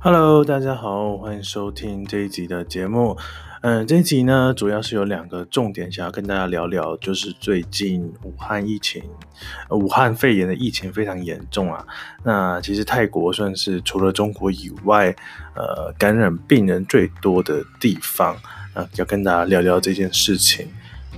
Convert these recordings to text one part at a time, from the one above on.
Hello，大家好，歡迎收聽這一集的節目。嗯、呃，這一集呢，主要是有兩個重點想要跟大家聊聊，就是最近武漢疫情、呃、武漢肺炎的疫情非常嚴重啊。那其實泰國算是除了中國以外，呃，感染病人最多的地方啊、呃，要跟大家聊聊這件事情。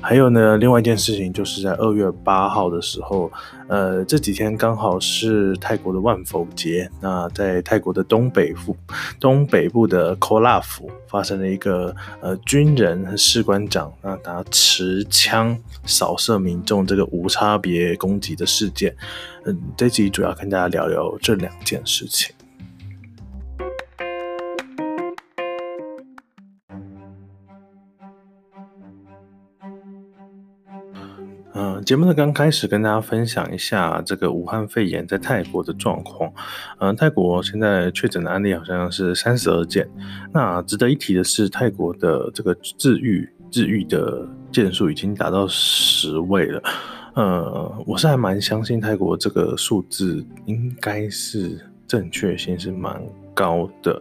還有呢，另外一件事情就是在二月八號的時候，呃，這幾天剛好是泰國的萬佛節。那在泰國的東北部，東北部的科拉府發生了一個呃軍人和士官長那、呃、拿持槍掃射民眾這個無差別攻擊的事件。嗯，這集主要跟大家聊聊這兩件事情。節目的剛開始，跟大家分享一下這個武漢肺炎在泰國的狀況。嗯、呃，泰國現在確診的案例好像是三十二件，那值得一提的是，泰國的這個治癒治癒的件數已經達到十位了。呃，我是還蠻相信泰國這個數字應該是正確性是蠻高的。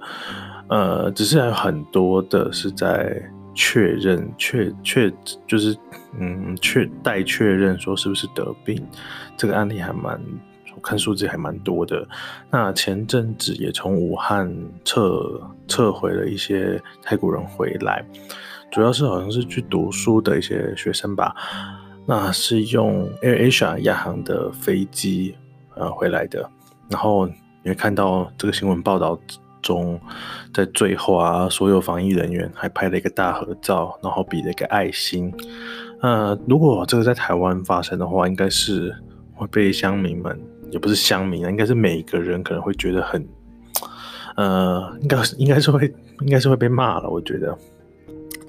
呃，只是還有很多的是在。確認，確確就是，嗯，確待確認，說是不是得病，這個案例還蠻，我看數字還蠻多的。那前陣子也從武漢撤撤回了一些泰國人回來，主要是好像是去讀書的一些學生吧。那是用 Air Asia 亞航的飛機呃回來的，然後也看到這個新聞報道。中，在最後啊，所有防疫人員還拍了一個大合照，然後比了一個愛心。呃，如果這個在台灣發生的話，應該是會被鄉民們，也不是鄉民啊，應該是每一個人可能會覺得很，呃，應該應該是會，應該是會被罵了。我覺得，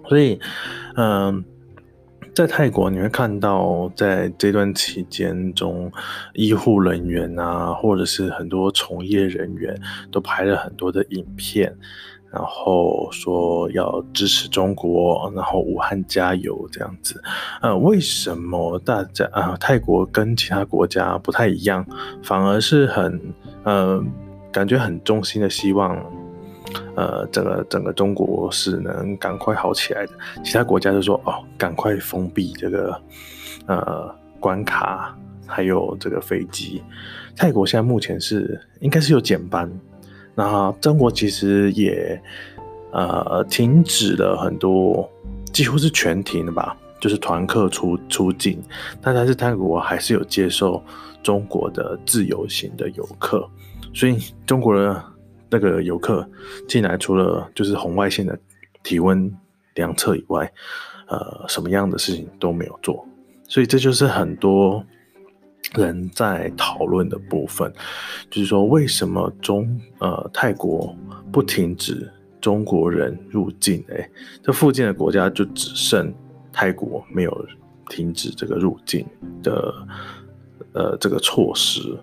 所以，嗯、呃。在泰國，你會看到在這段期間中，醫護人員啊，或者是很多從業人員都拍了很多的影片，然後說要支持中國，然後武漢加油這樣子。呃，為什麼大家啊，呃，泰國跟其他國家不太一樣，反而是很，呃，感覺很衷心的希望。呃，整個整個中國是能趕快好起來的，其他國家就說哦，趕快封閉這個呃關卡，還有這個飛機。泰國現在目前是應該是有減班，那中國其實也呃停止了很多，幾乎是全停的吧，就是團客出出境，但但是泰國還是有接受中國的自由行的遊客，所以中國人，那個遊客進來，除了就是紅外線的體溫量測以外，呃，什麼樣的事情都沒有做，所以這就是很多人在討論的部分，就是說為什麼中呃泰國不停止中國人入境？誒，這附近的國家就只剩泰國沒有停止這個入境的呃這個措施。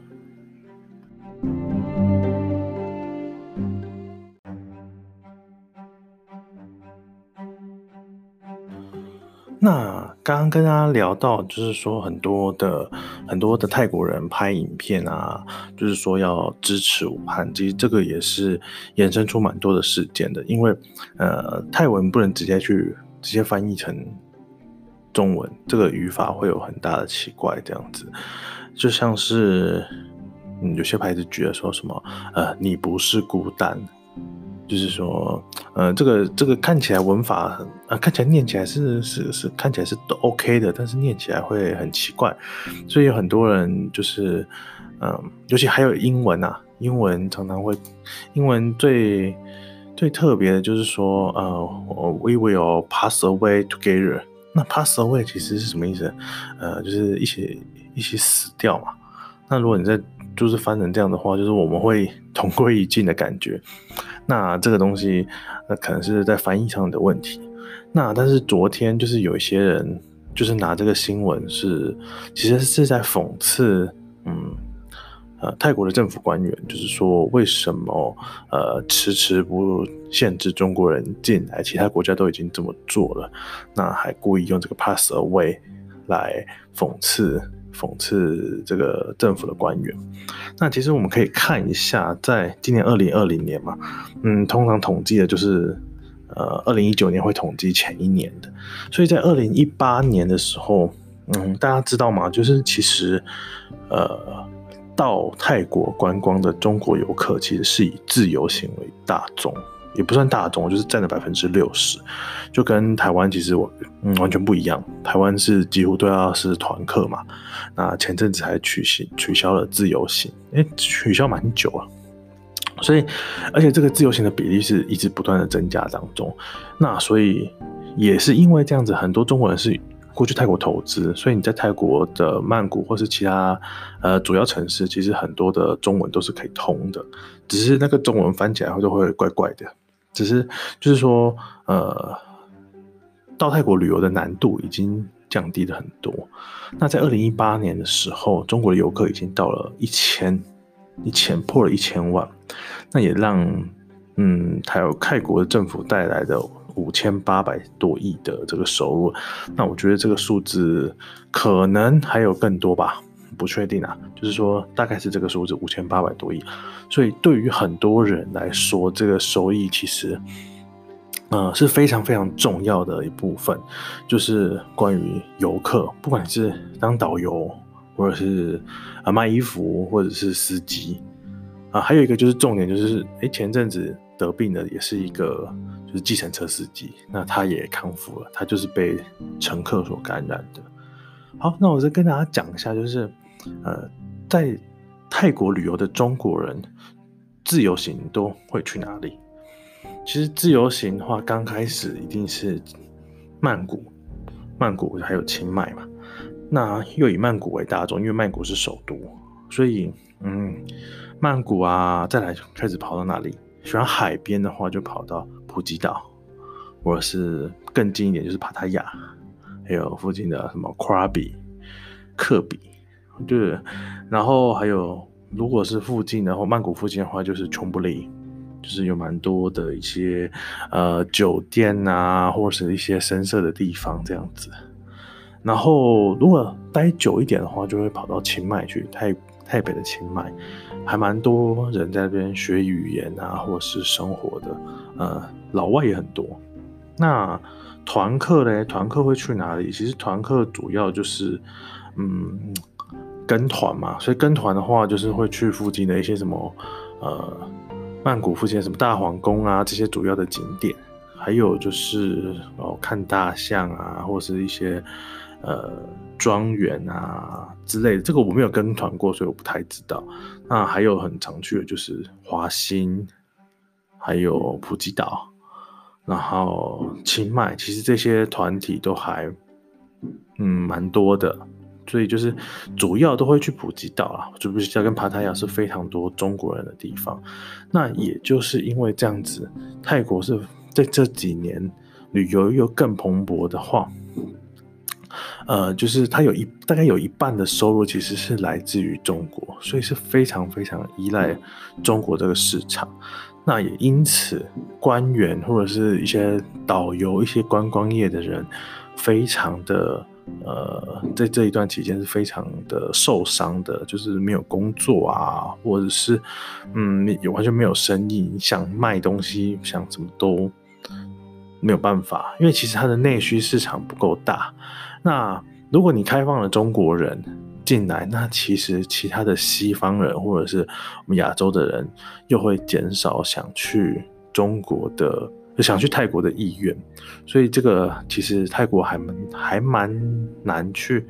那剛剛跟大家聊到，就是說很多的很多的泰國人拍影片啊，就是說要支持武漢，其實這個也是衍生出蠻多的事件的。因為呃泰文不能直接去直接翻譯成中文，這個語法會有很大的奇怪這樣子。就像是嗯有些牌子覺得說什麼呃你不是孤單，就是說。呃，這個這個看起來文法很啊、呃，看起來念起來是是是，是，看起來是都 OK 的，但是念起來會很奇怪，所以有很多人就是，嗯、呃，尤其還有英文啊，英文常常會，英文最最特別的就是說，呃，we will pass away together。那 pass away 其實是什麼意思？呃，就是一起一起死掉嘛。那如果你在就是翻成這樣的話，就是我們會同歸於盡的感覺。那這個東西，那可能是在翻譯上的問題。那但是昨天就是有一些人就是拿這個新聞是，其實是在諷刺，嗯，呃，泰國的政府官員，就是說為什麼呃遲遲不限制中國人進來，其他國家都已經這麼做了，那還故意用這個 pass away 來諷刺。諷刺這個政府的官員，那其實我們可以看一下，在今年二零二零年嘛，嗯，通常統計的就是，呃，二零一九年會統計前一年的，所以在二零一八年的時候，嗯，大家知道嗎？就是其實，呃，到泰國觀光的中國遊客其實是以自由行為大宗。也不算大眾，就是佔了百分之六十，就跟台灣其實完、嗯、完全不一樣。台灣是幾乎都要是團客嘛，那前陣子還取消取消了自由行，為、欸、取消蠻久啊。所以，而且這個自由行的比例是一直不斷的增加當中，那所以也是因為這樣子，很多中國人是。過去泰國投資，所以你在泰國的曼谷或是其他呃主要城市，其實很多的中文都是可以通的，只是那個中文翻起來後就會怪怪的。只是就是說，呃，到泰國旅遊的難度已經降低了很多。那在二零一八年的時候，中國的遊客已經到了一千，一千破了一千萬，那也讓嗯還有泰國的政府帶來的，五千八百多億的這個收入，那我覺得這個數字可能還有更多吧，不確定啊。就是說，大概是這個數字五千八百多億。所以對於很多人來說，這個收益其實，呃是非常非常重要的一部分。就是關於遊客，不管是當導遊，或者是啊賣衣服，或者是司機，啊、呃、還有一個就是重點就是，誒前陣子得病的也是一個。就是計程車司機，那他也康復了，他就是被乘客所感染的。好，那我再跟大家講一下，就是呃，在泰國旅遊的中國人，自由行都會去哪裡？其實自由行的話，剛開始一定是曼谷，曼谷還有清邁嘛。那又以曼谷為大宗，因為曼谷是首都，所以嗯，曼谷啊，再來開始跑到哪裡？喜歡海邊的話，就跑到。普吉島，或者是更近一點就是帕塔亞，還有附近的什麼 Krabi、克比，對。然後還有，如果是附近的，然後曼谷附近的話，就是窮布利。就是有蠻多的一些呃酒店啊，或者是一些深色的地方這樣子。然後如果待久一點的話，就會跑到清邁去，泰泰北的清邁，還蠻多人在那邊學語言啊，或是生活的。呃，老外也很多。那團客呢？團客會去哪裡？其實團客主要就是，嗯，跟團嘛。所以跟團的話，就是會去附近的一些什麼，呃，曼谷附近的什麼大皇宮啊這些主要的景點，還有就是哦、呃、看大象啊，或者是一些呃莊園啊之類的。這個我沒有跟團過，所以我不太知道。那還有很常去的就是華欣。還有普吉島，然後清邁，其實這些團體都還，嗯，蠻多的。所以就是主要都會去普吉島啊，普吉島跟芭提雅是非常多中國人的地方。那也就是因為這樣子，泰國是在這幾年旅遊又更蓬勃的話，呃，就是它有一大概有一半的收入其實是來自於中國，所以是非常非常依賴中國這個市場。那也因此，官員或者是一些導遊、一些觀光業的人，非常的呃，在這一段期間是非常的受傷的，就是沒有工作啊，或者是嗯，也完全沒有生意，你想賣東西，想怎麼都沒有辦法，因為其實它的內需市場不夠大。那如果你開放了中國人進來，那其實其他的西方人或者是我們亞洲的人，又會減少想去中國的，想去泰國的意願，所以這個其實泰國還蠻還蠻難去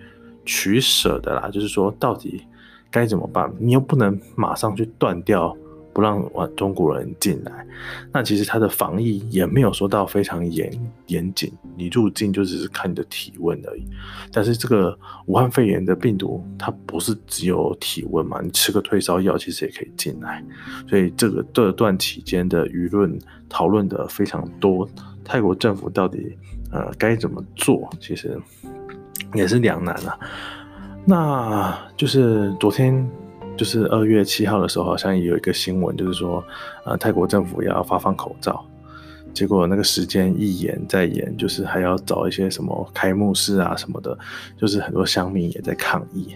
取捨的啦。就是說，到底該怎麼辦？你又不能馬上去斷掉。不讓中國人進來，那其實他的防疫也沒有說到非常嚴嚴謹，你入境就只是看你的體溫而已。但是這個武漢肺炎的病毒，它不是只有體溫嘛？你吃個退燒藥，其實也可以進來。所以這個這段期間的輿論討論的非常多，泰國政府到底呃該怎麼做？其實也是兩難了啊。那就是昨天。就是二月七號的時候，好像也有一個新聞，就是說，呃，泰國政府也要發放口罩，結果那個時間一延再延，就是還要找一些什麼開幕式啊什麼的，就是很多鄉民也在抗議。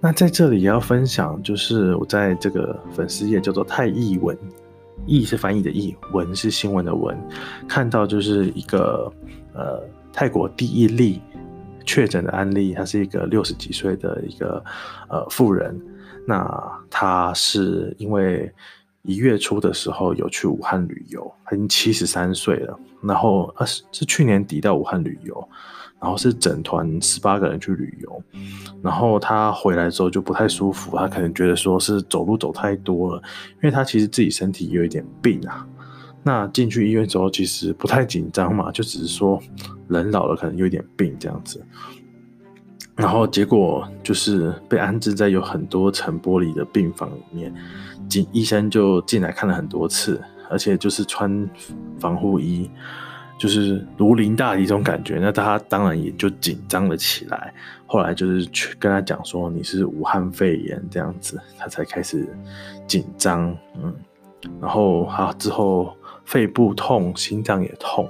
那在這裡也要分享，就是我在這個粉絲頁叫做“泰譯文”，譯是翻譯的譯，文是新聞的文，看到就是一個呃泰國第一例確診的案例，她是一個六十幾歲的一個呃婦人。那他是因為一月初的時候有去武漢旅遊，他已經七十三歲了。然後，呃，是去年底到武漢旅遊，然後是整團十八個人去旅遊。然後他回來之後就不太舒服，他可能覺得說是走路走太多了，因為他其實自己身體有一點病啊。那進去醫院之後，其實不太緊張嘛，就只是說人老了可能有點病這樣子。然後結果就是被安置在有很多層玻璃的病房裡面，進醫生就進來看了很多次，而且就是穿防護衣，就是如臨大敵這種感覺。那他當然也就緊張了起來。後來就是去跟他講說，你是武漢肺炎這樣子，他才開始緊張。嗯，然後好之後肺部痛，心臟也痛。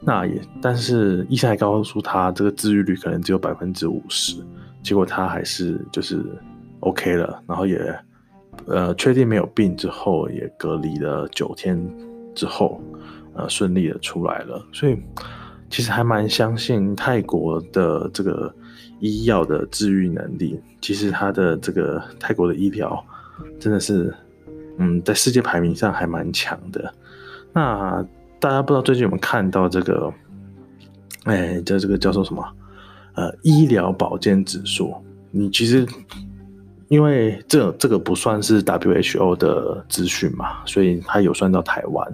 那也，但是醫生還告訴他，這個治癒率可能只有百分之五十。結果他還是就是 OK 了，然後也呃確定沒有病之後，也隔離了九天之後，呃順利的出來了。所以其實還蠻相信泰國的這個醫藥的治癒能力。其實他的這個泰國的醫療真的是，嗯，在世界排名上還蠻強的。那。大家不知道最近有沒有看到這個？哎、欸，叫這個叫做什麼？呃，醫療保健指數。你其實因為這這個不算是 WHO 的資訊嘛，所以它有算到台灣。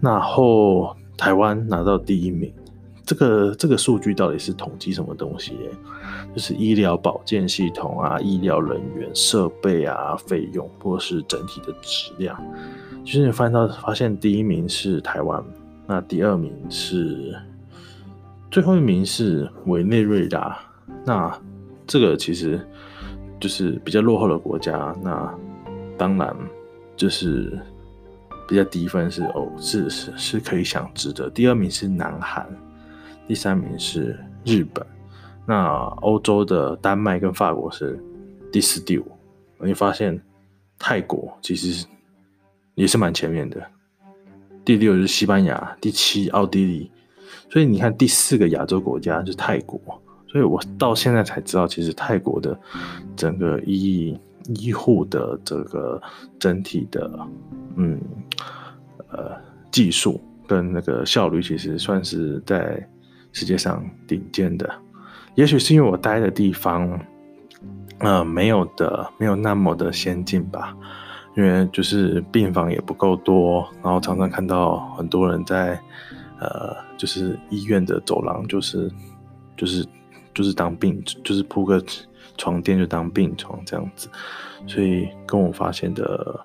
然後台灣拿到第一名，這個這個數據到底是統計什麼東西，欸？就是醫療保健系統啊、醫療人員、設備啊、費用，或是整體的質量。就是你翻到發現第一名是台灣，那第二名是，最後一名是委內瑞拉，那這個其實就是比較落後的國家，那當然就是比較低分是偶、哦，是是是可以想知的。第二名是南韓，第三名是日本，那歐洲的丹麥跟法國是第四第五。你發現泰國其實。也是蠻前面的，第六是西班牙，第七奧地利，所以你看第四個亞洲國家是泰國，所以我到現在才知道，其實泰國的整個醫醫護的這個整體的，嗯，呃，技術跟那個效率其實算是在世界上頂尖的，也許是因為我待的地方，呃，沒有的，沒有那麼的先進吧。因為就是病房也不夠多，然後常常看到很多人在，呃，就是醫院的走廊，就是，就是，就是當病，就是鋪個床墊就當病床這樣子，所以跟我發現的，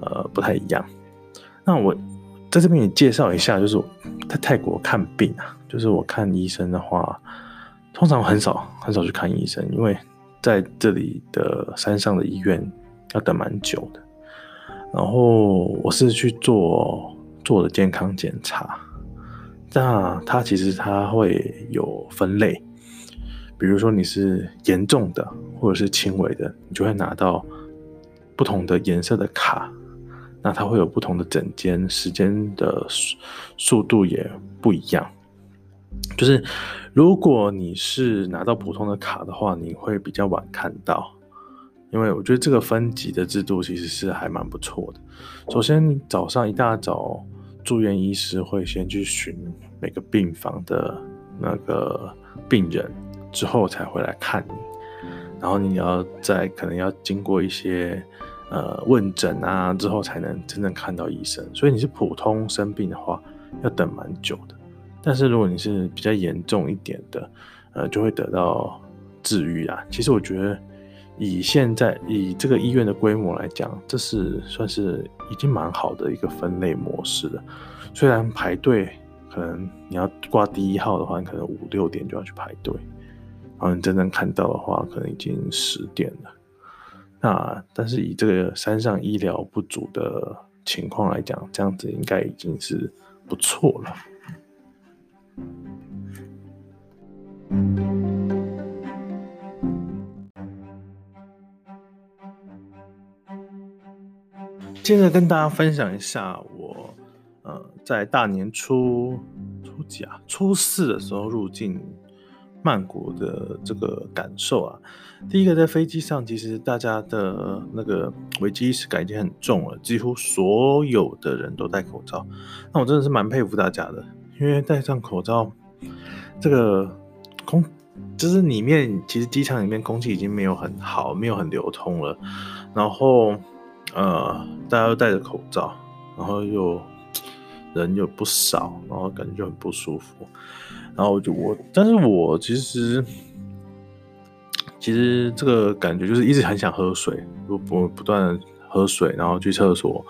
呃，不太一樣。那我在這邊也介紹一下，就是我在泰國看病啊，就是我看醫生的話，通常很少很少去看醫生，因為在這裡的山上的醫院要等蠻久的。然後我是去做做的健康檢查，那它其實它會有分類，比如說你是嚴重的或者是輕微的，你就會拿到不同的顏色的卡，那它會有不同的診間時間的速速度也不一樣，就是如果你是拿到普通的卡的話，你會比較晚看到。因為我覺得這個分級的制度其實是還蠻不錯的。首先，你早上一大早，住院醫師會先去巡每個病房的那個病人，之後才會來看你。然後你要在可能要經過一些呃問診啊之後，才能真正看到醫生。所以你是普通生病的話，要等蠻久的。但是如果你是比較嚴重一點的，呃，就會得到治癒啊。其實我覺得。以現在以這個醫院的規模來講，這是算是已經蠻好的一個分類模式了。雖然排隊，可能你要掛第一號的話，你可能五六點就要去排隊，然後你真正看到的話，可能已經十點了。那但是以這個山上醫療不足的情況來講，這樣子應該已經是不錯了。嗯。接着跟大家分享一下我，呃，在大年初初幾啊初四的時候入境，曼谷的這個感受啊。第一個，在飛機上，其實大家的那個危機意識感已經很重了，幾乎所有的人都戴口罩。那我真的是蠻佩服大家的，因為戴上口罩，這個空就是裡面，其實機場裡面空氣已經沒有很好，沒有很流通了，然後。呃，大家都戴着口罩，然後又人又不少，然後感覺就很不舒服。然後我就我，但是我其實其實這個感覺就是一直很想喝水，不不不斷喝水，然後去廁所，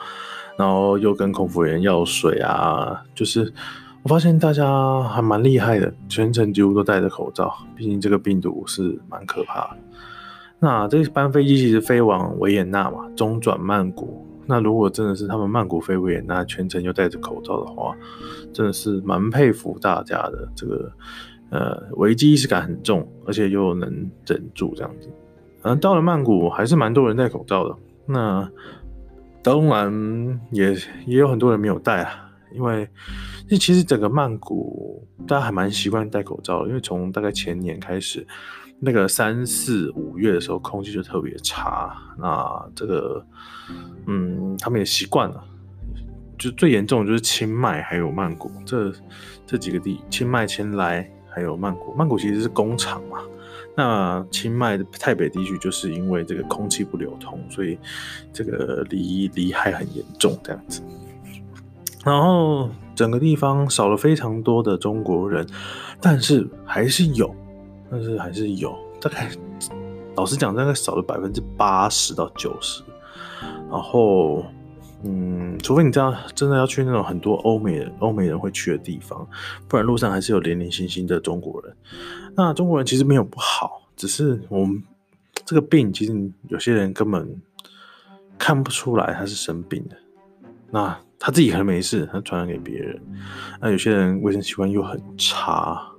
然後又跟空服員要水啊。就是我發現大家還蠻厲害的，全程幾乎都戴着口罩，畢竟這個病毒是蠻可怕的。那這班飛機其實飛往維也納嘛，中轉曼谷。那如果真的是他們曼谷飛維也納全程又戴着口罩的話，真的是蠻佩服大家的這個，呃，危機意識感很重，而且又能忍住這樣子。嗯、啊，到了曼谷還是蠻多人戴口罩的。那當然也也有很多人沒有戴啊，因為這其實整個曼谷大家還蠻習慣戴口罩的，因為從大概前年開始。那個三四五月的時候，空氣就特別差。那這個，嗯，他們也習慣了。就最嚴重的，就是清邁還有曼谷這這幾個地，清邁、清萊還有曼谷。曼谷其實是工廠嘛。那清邁的泰北地區就是因為這個空氣不流通，所以這個霾霾害很嚴重這樣子。然後整個地方少了非常多的中國人，但是還是有。但是還是有，大概，老實講，大概少了百分之八十到九十。然後，嗯，除非你知道真的要去那種很多歐美人、歐美人會去的地方，不然路上還是有零零星星的中國人。那中國人其實沒有不好，只是我們這個病，其實有些人根本看不出來他是生病的，那他自己很沒事，他傳染給別人。那有些人衛生習慣又很差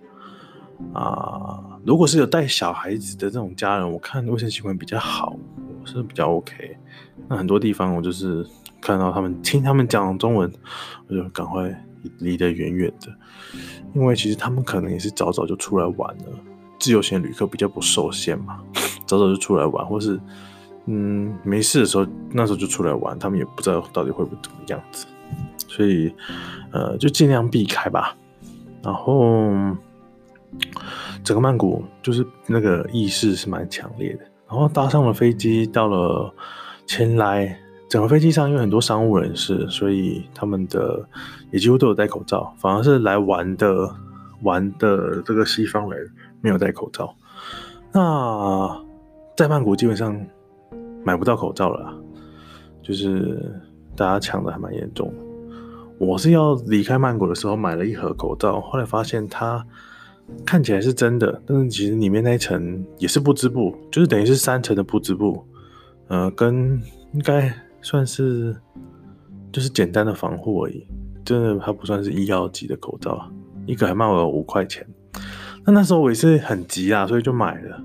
啊。呃如果是有帶小孩子的這種家人，我看衛生習慣比較好，我是比較 OK。那很多地方我就是看到他們聽他們講中文，我就趕快離得遠遠的，因為其實他們可能也是早早就出來玩了，自由行旅客比較不受限嘛，早早就出來玩，或是嗯沒事的時候那時候就出來玩，他們也不知道到底會不會怎麼樣子，所以呃就盡量避開吧，然後。整個曼谷就是那個意識是蠻強烈的，然後搭上了飛機到了清萊，整個飛機上因為很多商務人士，所以他們的也幾乎都有戴口罩，反而是來玩的玩的這個西方人沒有戴口罩。那在曼谷基本上買不到口罩了，就是大家搶的還蠻嚴重的。我是要離開曼谷的時候買了一盒口罩，後來發現它。看起來是真的，但是其實裡面那一層也是不織布，就是等於是三層的不織布，呃，跟應該算是就是簡單的防護而已，真的它不算是醫藥級的口罩，一個還賣我五塊錢，那那時候我也是很急啊，所以就買了，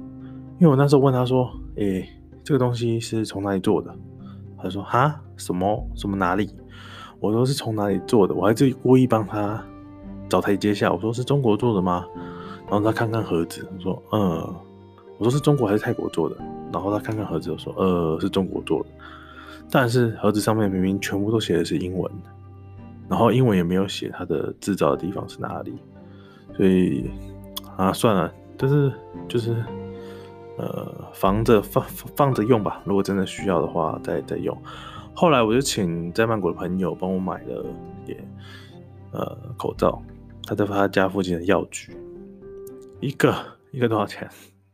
因為我那時候問他說，誒、欸，這個東西是從哪裡做的？他說哈，什麼什麼哪裡？我說是從哪裡做的？我還自己故意幫他找台階下，我說是中國做的嗎？然後他看看盒子，說：“嗯、呃，我說是中國還是泰國做的？”然後他看看盒子，我說：“呃，是中國做的，但是盒子上面明明全部都寫的是英文，然後英文也沒有寫它的製造的地方是哪裡，所以啊，算了，但是就是呃，防着放着放放着用吧，如果真的需要的話再再用。後來我就請在曼谷的朋友幫我買了點呃口罩，他在他家附近的藥局。一個一個多少錢？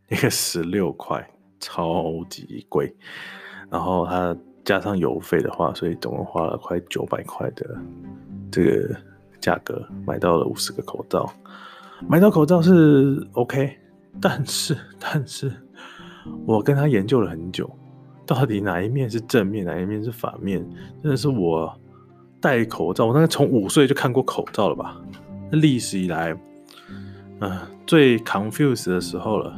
一個十六塊，超級貴。然後它加上郵費的話，所以總共花了快九百塊的這個價格，買到了五十個口罩。買到口罩是 OK，但是但是，我跟他研究了很久，到底哪一面是正面，哪一面是反面，真的是我戴口罩。我大概從五歲就看過口罩了吧？那歷史以來。嗯、呃，最 confuse 的時候了，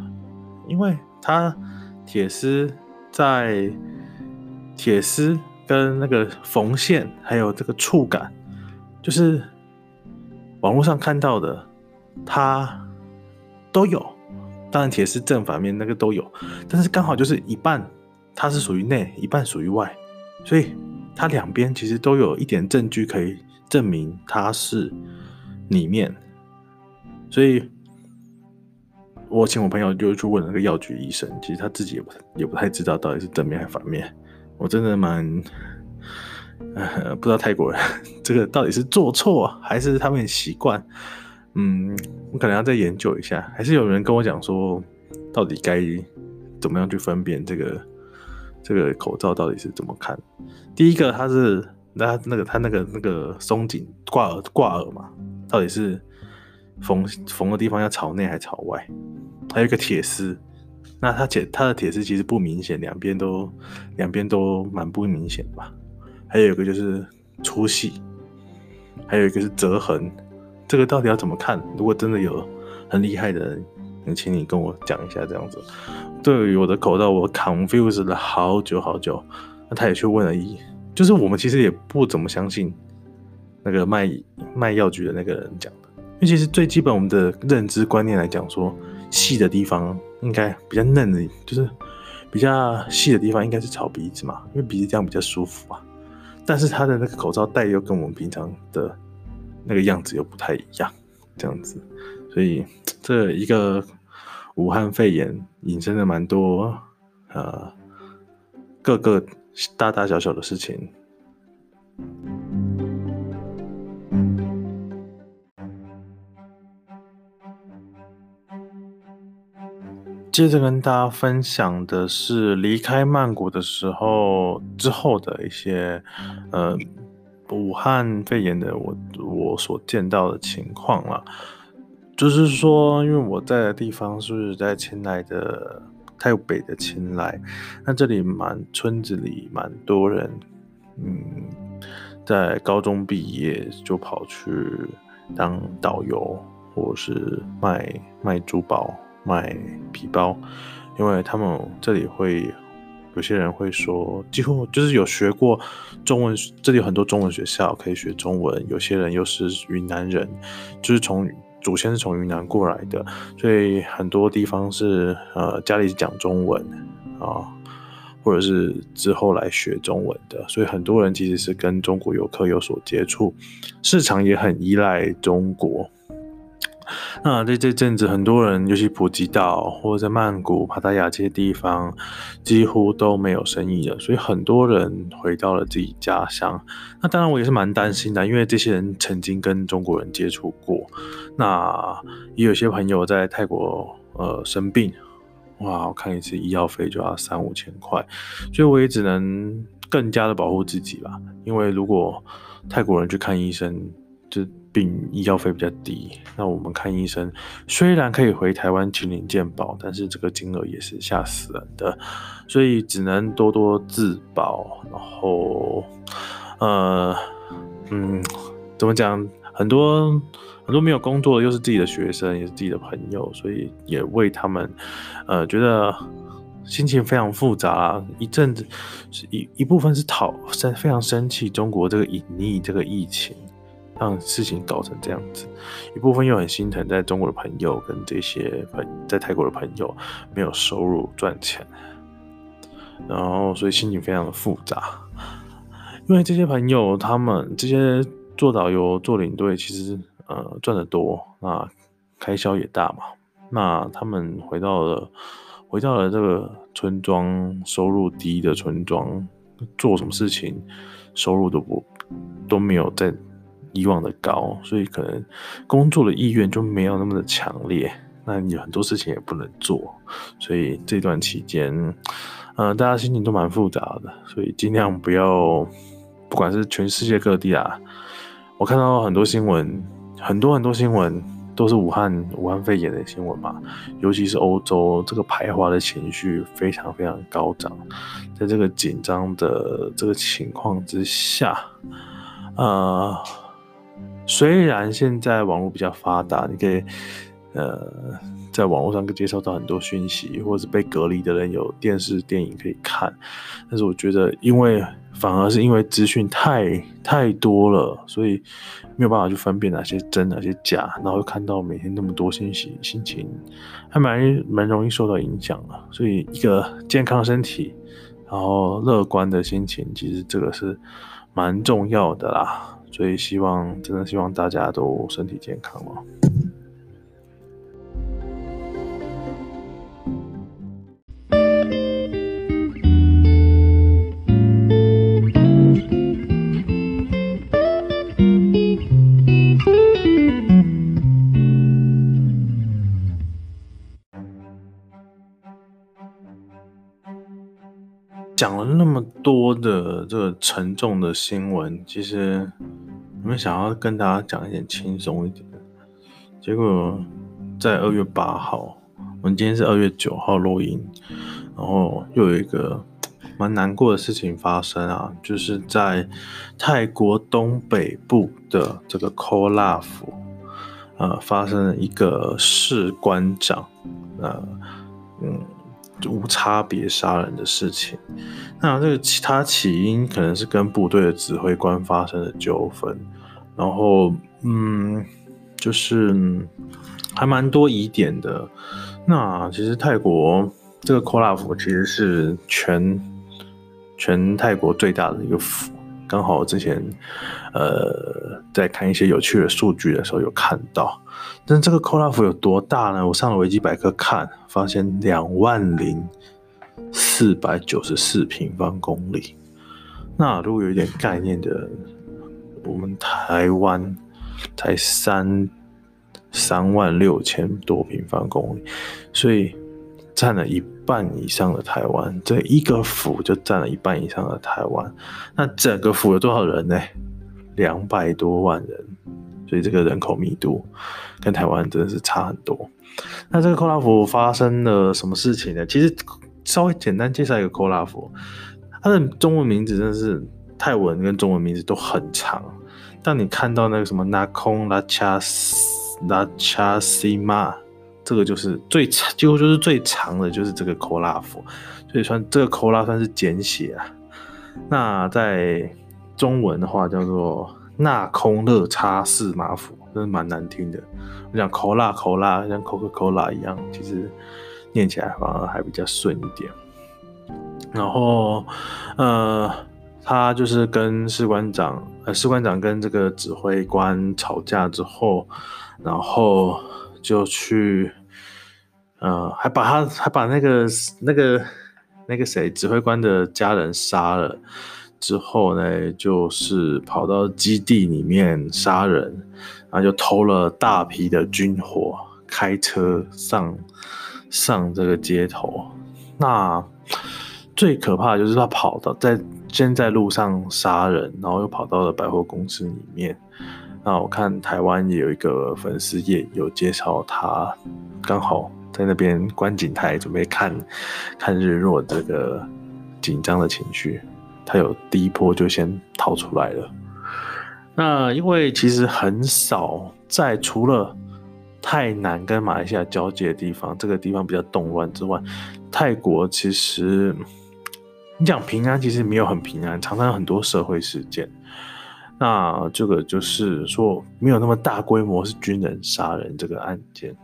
因為它鐵絲在鐵絲跟那個縫線還有這個觸感，就是網絡上看到的，它都有，當然鐵絲正反面那個都有，但是剛好就是一半，它是屬於內，一半屬於外，所以它兩邊其實都有一點證據可以證明它是裡面。所以，我請我朋友就去問那個藥局醫生，其實他自己也不太也不太知道到底是正面還是反面。我真的蠻，呃，不知道泰國人這個到底是做錯還是他們很習慣。嗯，我可能要再研究一下。還是有人跟我講說，到底該怎麼樣去分辨這個這個口罩到底是怎麼看？第一個他是，它是那那個它那個那個鬆緊掛耳掛耳嘛，到底是？縫縫的地方要朝內還朝外？還有一個鐵絲，那它剪它的鐵絲其實不明顯，兩邊都兩邊都蠻不明顯的吧？還有一個就是粗細，還有一個是折痕，這個到底要怎麼看？如果真的有很厲害的人，你請你跟我講一下這樣子。對於我的口罩，我 confuse 了好久好久。那他也去問了一，就是我們其實也不怎麼相信那個賣賣藥局的那個人講。其實最基本我們的認知觀念來講，說細的地方應該比較嫩的，就是比較細的地方應該是草鼻子嘛，因為鼻子這樣比較舒服啊。但是它的那個口罩戴又跟我們平常的那個樣子又不太一樣，這樣子，所以這一個武漢肺炎引申了蠻多呃各個大大小小的事情。接着跟大家分享的是離開曼谷的時候之後的一些，呃，武漢肺炎的我我所見到的情況了。就是說，因為我在的地方是在清萊的泰北的清萊，那這裡蠻村子裡蠻多人，嗯，在高中畢業就跑去當導遊或是賣賣珠寶。賣皮包，因為他們這裡會有些人會說，幾乎就是有學過中文，這裡有很多中文學校可以學中文。有些人又是雲南人，就是從祖先是從雲南過來的，所以很多地方是呃家裡講中文啊、呃，或者是之後來學中文的，所以很多人其實是跟中國遊客有所接觸，市場也很依賴中國。那這這陣子，很多人，尤其普吉島或者在曼谷、帕達雅這些地方，幾乎都沒有生意了。所以很多人回到了自己家鄉。那當然，我也是蠻擔心的，因為這些人曾經跟中國人接觸過。那也有些朋友在泰國，呃，生病，哇，我看一次醫藥費就要三五千塊，所以我也只能更加的保護自己吧。因為如果泰國人去看醫生，就。病，醫藥費比較低，那我們看醫生，雖然可以回台灣去領健保，但是這個金額也是嚇死人的，所以只能多多自保。然後，呃，嗯，怎麼講？很多很多沒有工作的，又是自己的學生，也是自己的朋友，所以也為他們，呃，覺得心情非常複雜啊。一陣子，是一一部分是討生非常生氣，中國這個隱匿這個疫情。讓事情搞成這樣子，一部分又很心疼在中國的朋友跟這些朋在泰國的朋友沒有收入賺錢，然後所以心情非常的複雜。因為這些朋友他們這些做導遊做領隊其實呃賺得多，那開銷也大嘛。那他們回到了回到了這個村莊，收入低的村莊，做什麼事情收入都不都沒有在。以往的高，所以可能工作的意願就沒有那麼的強烈。那你很多事情也不能做，所以這段期間，嗯、呃，大家心情都蠻複雜的。所以儘量不要，不管是全世界各地啊，我看到很多新聞，很多很多新聞都是武漢武漢肺炎的新聞嘛。尤其是歐洲，這個排華的情緒非常非常高漲。在這個緊張的這個情況之下，呃。雖然現在網絡比較發達，你可以呃在網絡上可以接收到很多訊息，或者是被隔離的人有電視電影可以看，但是我覺得，因為反而是因為資訊太太多了，所以沒有辦法去分辨哪些真哪些假，然後看到每天那麼多訊息，心情還蠻蠻容易受到影響的啊，所以一個健康身體，然後樂觀的心情，其實這個是蠻重要的啦。所以，希望真的希望大家都身體健康哦。多的這個沉重的新聞，其實我們想要跟大家講一點輕鬆一點。結果在二月八號，我們今天是二月九號錄音，然後又有一個蠻難過的事情發生啊，就是在泰國東北部的這個 Korat 呃，發生了一個士官長，啊、呃，嗯。無差別殺人的事情，那這個其它起因可能是跟部隊的指揮官發生了糾紛，然後嗯，就是還蠻多疑點的。那其實泰國這個 call o 拉 f 其實是全全泰國最大的一個。剛好我之前，呃，在看一些有趣的數據的時候，有看到，但這個扣拉夫有多大呢？我上了維基百科看，發現兩萬零四百九十四平方公里。那如果有一點概念的，我們台灣才三三萬六千多平方公里，所以占了一。半以上的台灣，這一個府就占了一半以上的台灣。那整個府有多少人呢？兩百多萬人。所以這個人口密度跟台灣真的是差很多。那這個扣拉府發生了什麼事情呢？其實稍微簡單介紹一個扣拉府，它的中文名字真的是泰文跟中文名字都很長。但你看到那個什麼那空拉差拉恰西瑪。這個就是最幾乎就是最長的，就是這個口拉府，所以算這個口拉算是簡寫啊。那在中文的話叫做納空樂叉四馬府，真是蠻難聽的。我講口拉口拉，像可口可樂一樣，其實念起來反而還比較順一點。然後，呃，他就是跟士官長，呃，士官長跟這個指揮官吵架之後，然後。就去，呃，還把他，還把那個、那個、那個誰，指揮官的家人殺了。之後呢，就是跑到基地裡面殺人，然後就偷了大批的軍火，開車上上這個街頭。那最可怕的就是他跑到，在先在路上殺人，然後又跑到了百貨公司裡面。那我看台灣也有一個粉絲頁有介紹，他剛好在那邊觀景台準備看，看日落這個緊張的情緒，他有第一波就先逃出來了。那因為其實很少在除了泰南跟馬來西亞交界的地方，這個地方比較動亂之外，泰國其實你講平安其實沒有很平安，常常有很多社會事件。那這個就是說，沒有那麼大規模是軍人殺人這個案件。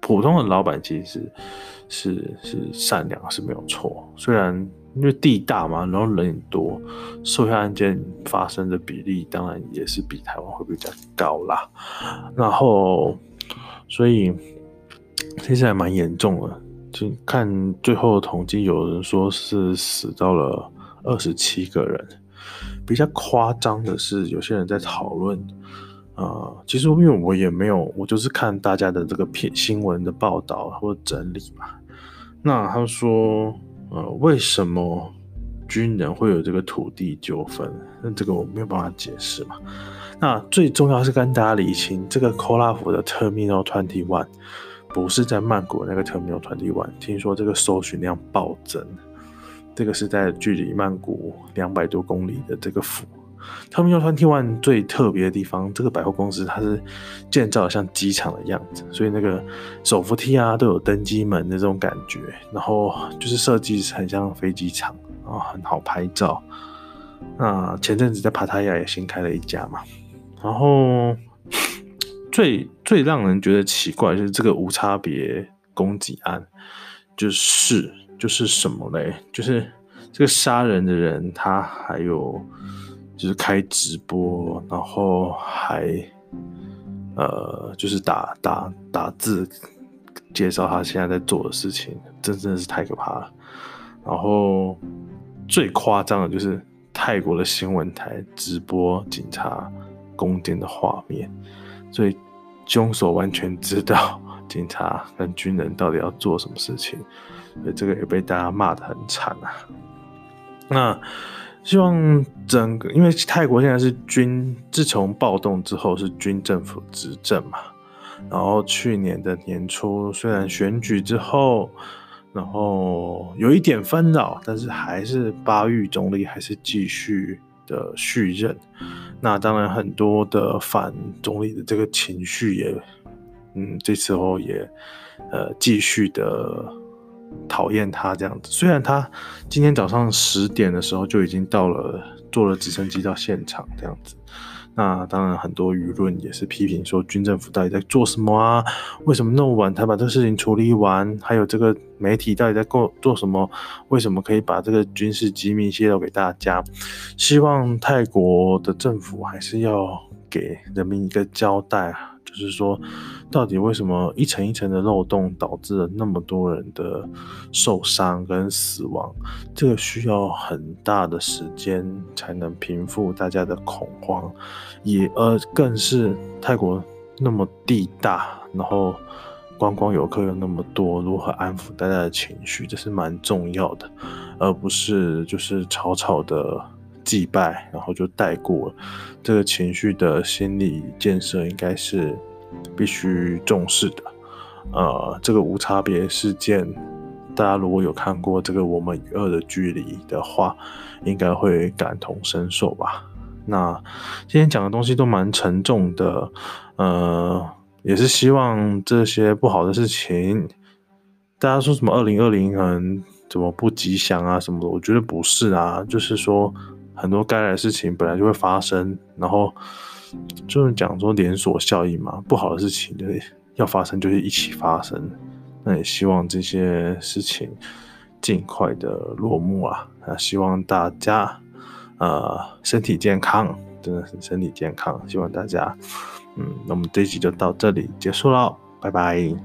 普通的老闆其實是，是是善良是沒有錯。雖然因為地大嘛，然後人也多，受害案件發生的比例當然也是比台灣會比較高啦。然後，所以其實還蠻嚴重的。就看最後統計，有人說是死到了二十七個人。比較誇張的是，有些人在討論，啊、呃，其實因為我也沒有，我就是看大家的這個片新聞的報道或者整理嘛。那他說，呃，為什麼軍人會有這個土地糾紛？那這個我沒有辦法解釋嘛。那最重要是跟大家理清，這個科拉府的 Terminal Twenty One 不是在曼谷那個 Terminal Twenty One，聽說這個搜尋量暴增。這個是在距離曼谷兩百多公里的這個府，他們用 Terminal 21，最特別的地方，這個百貨公司它是建造的像機場的樣子，所以那個手扶梯啊都有登機門的這種感覺，然後就是設計很像飛機場啊，然後很好拍照。那前陣子在帕塔亞也新開了一家嘛，然後最最讓人覺得奇怪就是這個無差別攻擊案，就是。就是什麼嘞？就是這個殺人的人，他還有就是開直播，然後還呃就是打打打字介紹他現在在做的事情，真真是太可怕了。然後最誇張的就是泰國的新聞台直播警察攻堅的畫面，所以凶手完全知道警察跟軍人到底要做什麼事情。所以這個也被大家罵得很慘啊！那希望整個，因為泰國現在是軍，自從暴動之後是軍政府執政嘛。然後去年的年初，雖然選舉之後，然後有一點紛擾，但是還是巴育總理還是繼續的續任。那當然，很多的反總理的這個情緒也，嗯，這時候也呃繼續的。討厭他這樣子，雖然他今天早上十點的時候就已經到了，坐了直升機到現場這樣子。那當然，很多輿論也是批評說，軍政府到底在做什麼啊？為什麼那麼晚才把這個事情處理完？還有這個媒體到底在做做什麼？為什麼可以把這個軍事機密泄露給大家？希望泰國的政府還是要給人民一個交代啊，就是說。到底為什麼一層一層的漏洞導致了那麼多人的受傷跟死亡？這個需要很大的時間才能平復大家的恐慌，也而、呃、更是泰國那麼地大，然後觀光遊客又那麼多，如何安撫大家的情緒，這是蠻重要的，而不是就是草草的祭拜然後就帶過了。這個情緒的心理建設應該是。必須重視的，呃，這個無差別事件，大家如果有看過這個我們與惡的距離的話，應該會感同身受吧。那今天講的東西都蠻沉重的，呃，也是希望這些不好的事情，大家說什麼二零二零可能怎麼不吉祥啊什麼的，我覺得不是啊，就是說很多該來的事情本來就會發生，然後。就是講說連鎖效應嘛，不好的事情對要發生就是一起發生，那也希望這些事情盡快的落幕啊！啊，希望大家呃身體健康，真的是身體健康，希望大家嗯，那我們這一期就到這裡結束了，拜拜。